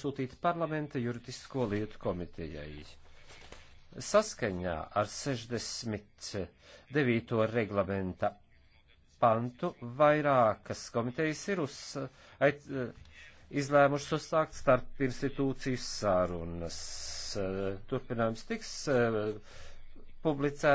nosūtīta parlamenta juridisko lietu komitejai. Saskaņā ar 69. reglamenta pantu vairākas komitejas ir uz, aiz, izlēmušas uzsākt starp institūciju sārunas. Turpinājums tiks eh, publicēts.